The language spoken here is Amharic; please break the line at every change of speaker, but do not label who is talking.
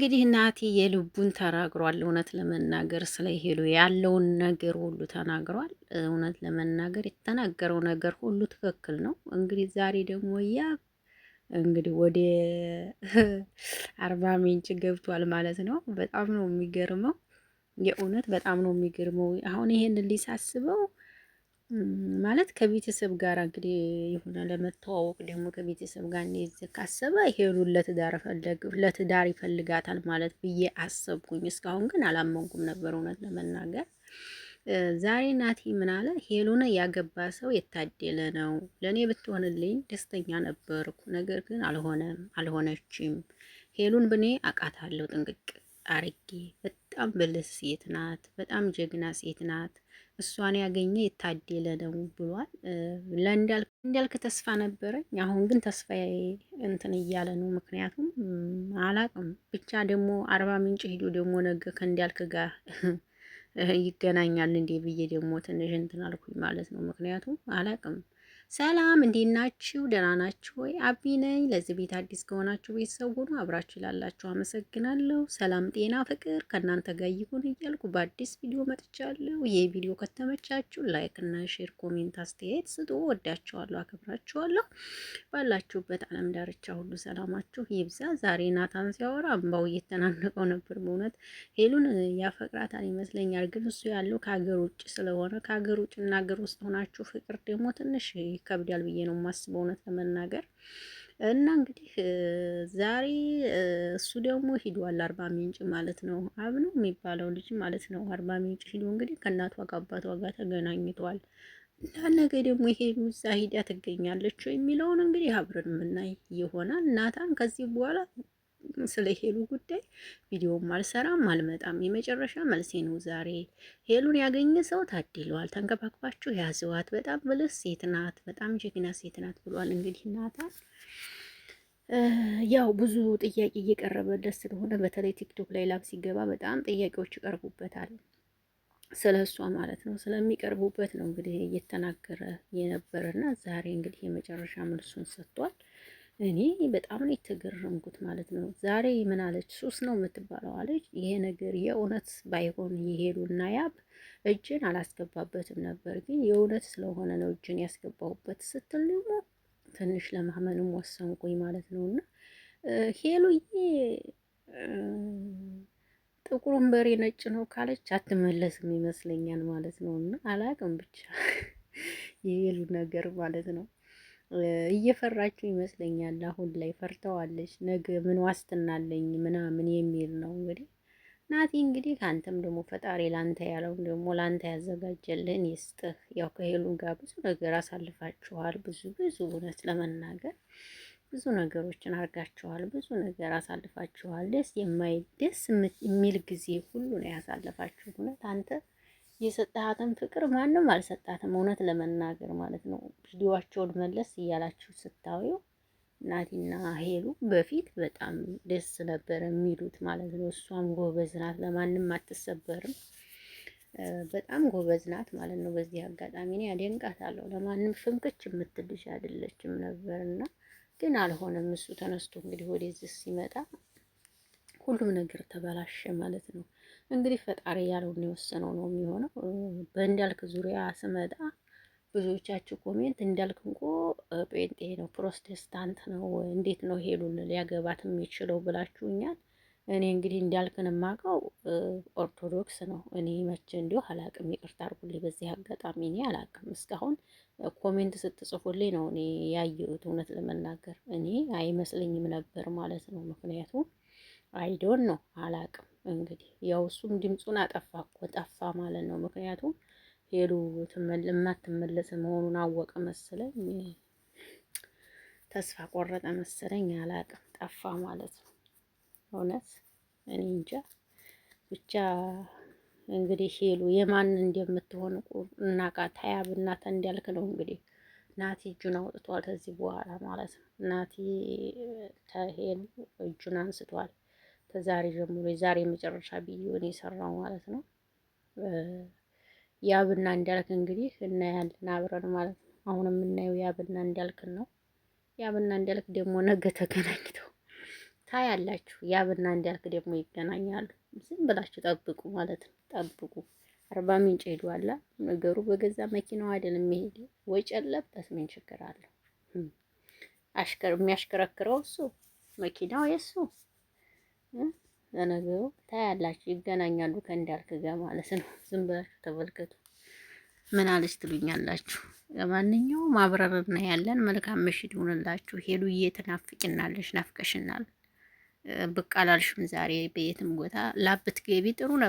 እንግዲህ ናቲ የልቡን ተናግሯል። እውነት ለመናገር ስለ ሄሉ ያለውን ነገር ሁሉ ተናግሯል። እውነት ለመናገር የተናገረው ነገር ሁሉ ትክክል ነው። እንግዲህ ዛሬ ደግሞ ያ እንግዲህ ወደ አርባ ምንጭ ገብቷል ማለት ነው። በጣም ነው የሚገርመው፣ የእውነት በጣም ነው የሚገርመው። አሁን ይሄን ሊሳስበው ማለት ከቤተሰብ ጋር እንግዲህ የሆነ ለመተዋወቅ ደግሞ ከቤተሰብ ጋር እንደዚህ ካሰበ ሄሉን ለትዳር ፈለግ ለትዳር ይፈልጋታል ማለት ብዬ አሰብኩኝ። እስካሁን ግን አላመንኩም ነበር እውነት ለመናገር። ዛሬ ናቲ ምን አለ? ሄሉን ያገባ ሰው የታደለ ነው። ለእኔ ብትሆንልኝ ደስተኛ ነበርኩ፣ ነገር ግን አልሆነም አልሆነችም። ሄሉን ብኔ አቃታለሁ ጥንቅቅ አርጌ። በጣም ብልህ ሴት ናት፣ በጣም ጀግና ሴት ናት። እሷን ያገኘ የታደለ ነው ብሏል። ለእንዳልክ ተስፋ ነበረኝ። አሁን ግን ተስፋ እንትን እያለ ነው። ምክንያቱም አላቅም ብቻ ደግሞ አርባ ምንጭ ሄዶ ደግሞ ነገ ከእንዳልክ ጋር ይገናኛል እንዴ ብዬ ደግሞ ትንሽ እንትን አልኩኝ ማለት ነው። ምክንያቱም አላቅም ሰላም እንዴት ናችሁ? ደህና ናችሁ ወይ? አቢ ነኝ። ለዚህ ቤት አዲስ ከሆናችሁ ቤተሰብ ሁኑ። አብራችሁ ላላችሁ አመሰግናለሁ። ሰላም፣ ጤና፣ ፍቅር ከእናንተ ጋር ይሁን እያልኩ በአዲስ ቪዲዮ መጥቻለሁ። ይህ ቪዲዮ ከተመቻችሁ ላይክ እና ሼር፣ ኮሜንት፣ አስተያየት ስጡ። ወዳችኋለሁ፣ አከብራችኋለሁ። ባላችሁበት ዓለም ዳርቻ ሁሉ ሰላማችሁ ይብዛ። ዛሬ ናታን ሲያወራ አምባው እየተናነቀው ነበር። በእውነት ሄሉን ያፈቅራታል ይመስለኛል፣ ግን እሱ ያለው ከሀገር ውጭ ስለሆነ ከሀገር ውጭ እና ሀገር ውስጥ ሆናችሁ ፍቅር ደግሞ ትንሽ ይከብዳል ብዬ ነው የማስበው እውነት ለመናገር እና እንግዲህ ዛሬ እሱ ደግሞ ሂዷል አርባ ምንጭ ማለት ነው። አብነው የሚባለው ልጅ ማለት ነው አርባ ምንጭ ሂዶ እንግዲህ ከእናቷ ከአባቷ ጋር ተገናኝቷል። እና ነገ ደግሞ ይሄ እዛ ሂዳ ትገኛለች የሚለውን እንግዲህ አብረን የምናይ ይሆናል። እናታን ከዚህ በኋላ ስለ ሄሉ ጉዳይ ቪዲዮም አልሰራም አልመጣም። የመጨረሻ መልሴ ነው ዛሬ። ሄሉን ያገኘ ሰው ታድሏል። ተንከባክባችሁ ያዘዋት። በጣም ብልህ ሴት ናት፣ በጣም ጀግና ሴት ናት ብሏል። እንግዲህ ናታ ያው ብዙ ጥያቄ እየቀረበለት ስለሆነ በተለይ ቲክቶክ ላይ ላብ ሲገባ በጣም ጥያቄዎች ይቀርቡበታል ስለ እሷ ማለት ነው። ስለሚቀርቡበት ነው እንግዲህ እየተናገረ ና ዛሬ እንግዲህ የመጨረሻ መልሱን ሰጥቷል። እኔ በጣም ነው የተገረምኩት ማለት ነው። ዛሬ ምን አለች? ሱስ ነው የምትባለው አለች። ይሄ ነገር የእውነት ባይሆን እና ያብ እጅን አላስገባበትም ነበር፣ ግን የእውነት ስለሆነ ነው እጅን ያስገባሁበት ስትል ደግሞ ትንሽ ለማመንም ወሰንኩኝ ማለት ነው። እና ሄሉዬ ጥቁሩን በሬ ነጭ ነው ካለች አትመለስም ይመስለኛል ማለት ነው። እና አላቅም ብቻ የሄሉ ነገር ማለት ነው። እየፈራችሁ ይመስለኛል። አሁን ላይ ፈርተዋለች። ነገ ምን ዋስትና አለኝ ምናምን የሚል ነው እንግዲህ ናቲ እንግዲህ ከአንተም ደግሞ ፈጣሪ ላንተ ያለውን ደግሞ ላንተ ያዘጋጀልን ይስጥህ። ያው ከሄሉ ጋር ብዙ ነገር አሳልፋችኋል። ብዙ ብዙ እውነት ለመናገር ብዙ ነገሮችን አርጋችኋል። ብዙ ነገር አሳልፋችኋል። ደስ የማይደስ የሚል ጊዜ ሁሉ ነው ያሳልፋችሁ እውነት አንተ የሰጣሃትን ፍቅር ማንም አልሰጣትም። እውነት ለመናገር ማለት ነው። ቪዲዮዋቸውን መለስ እያላችሁ ስታዩ ናቲና ሄሉ በፊት በጣም ደስ ነበር የሚሉት ማለት ነው። እሷም ጎበዝ ናት፣ ለማንም አትሰበርም። በጣም ጎበዝ ናት ማለት ነው። በዚህ አጋጣሚ እኔ አደንቃታለሁ። ለማንም ፍንክች የምትልሽ አይደለችም ነበርና ግን አልሆነም። እሱ ተነስቶ እንግዲህ ወደዚህ ሲመጣ ሁሉም ነገር ተበላሸ ማለት ነው። እንግዲህ ፈጣሪ ያለውን የወሰነው ነው የሚሆነው። በእንዳልክ ዙሪያ ስመጣ ብዙዎቻችሁ ኮሜንት እንዳልክ እንቆ ጴንጤ ነው፣ ፕሮቴስታንት ነው፣ እንዴት ነው ሄሉን ሊያገባት የሚችለው ብላችሁኛል። እኔ እንግዲህ እንዳልክን የማውቀው ኦርቶዶክስ ነው። እኔ መቼ እንዲሁ አላቅም፣ ይቅርታ አድርጉልኝ። በዚህ አጋጣሚ እኔ አላቅም። እስካሁን ኮሜንት ስትጽፉልኝ ነው እኔ ያየሁት። እውነት ለመናገር እኔ አይመስለኝም ነበር ማለት ነው። ምክንያቱም አይዶን ነው አላቅም እንግዲህ ያው እሱም ድምፁን አጠፋ እኮ ጠፋ ማለት ነው። ምክንያቱም ሄሉ የማትመለስ መሆኑን አወቀ መሰለኝ፣ ተስፋ ቆረጠ መሰለኝ፣ አላቅም ጠፋ ማለት ነው። እውነት እኔ እንጃ ብቻ እንግዲህ ሄሉ የማን እንደምትሆን እናቃ ታያብ እናት እንዲያልክ ነው እንግዲህ ናቲ እጁን አውጥቷል ከዚህ በኋላ ማለት ነው። ናቲ ተሄሉ እጁን አንስቷል። ከዛሬ ጀምሮ የዛሬ መጨረሻ ቪዲዮን የሰራው ማለት ነው። ያብና እንዳልክ እንግዲህ እናያለን አብረን ማለት ነው። አሁን የምናየው ያብና እንዳልክን ነው። ያብና እንዳልክ ደግሞ ነገ ተገናኝተው ታያላችሁ። ያብና እንዳልክ ደግሞ ይገናኛሉ። ዝም ብላችሁ ጠብቁ ማለት ነው። ጠብቁ። አርባ ምንጭ ሄዷላ። ነገሩ በገዛ መኪናው አይደለም የሚሄድ ወጪ አለበት። ምን ችግር አለው? አሽከር የሚያሽከረክረው እሱ መኪናው የሱ ለነገሩ ታያላችሁ፣ ይገናኛሉ ከእንዳልክ ጋር ማለት ነው። ዝም ብላችሁ ተመልከቱ። ምን አለች ትሉኛላችሁ። ለማንኛውም አብረርና ያለን መልካም ምሽት ይሁንላችሁ። ሄሉዬ ትናፍቂናለሽ፣ ናፍቀሽናል። ብቅ አላልሽም ዛሬ በየትም ቦታ ላብት ገቢ ጥሩ ነበር።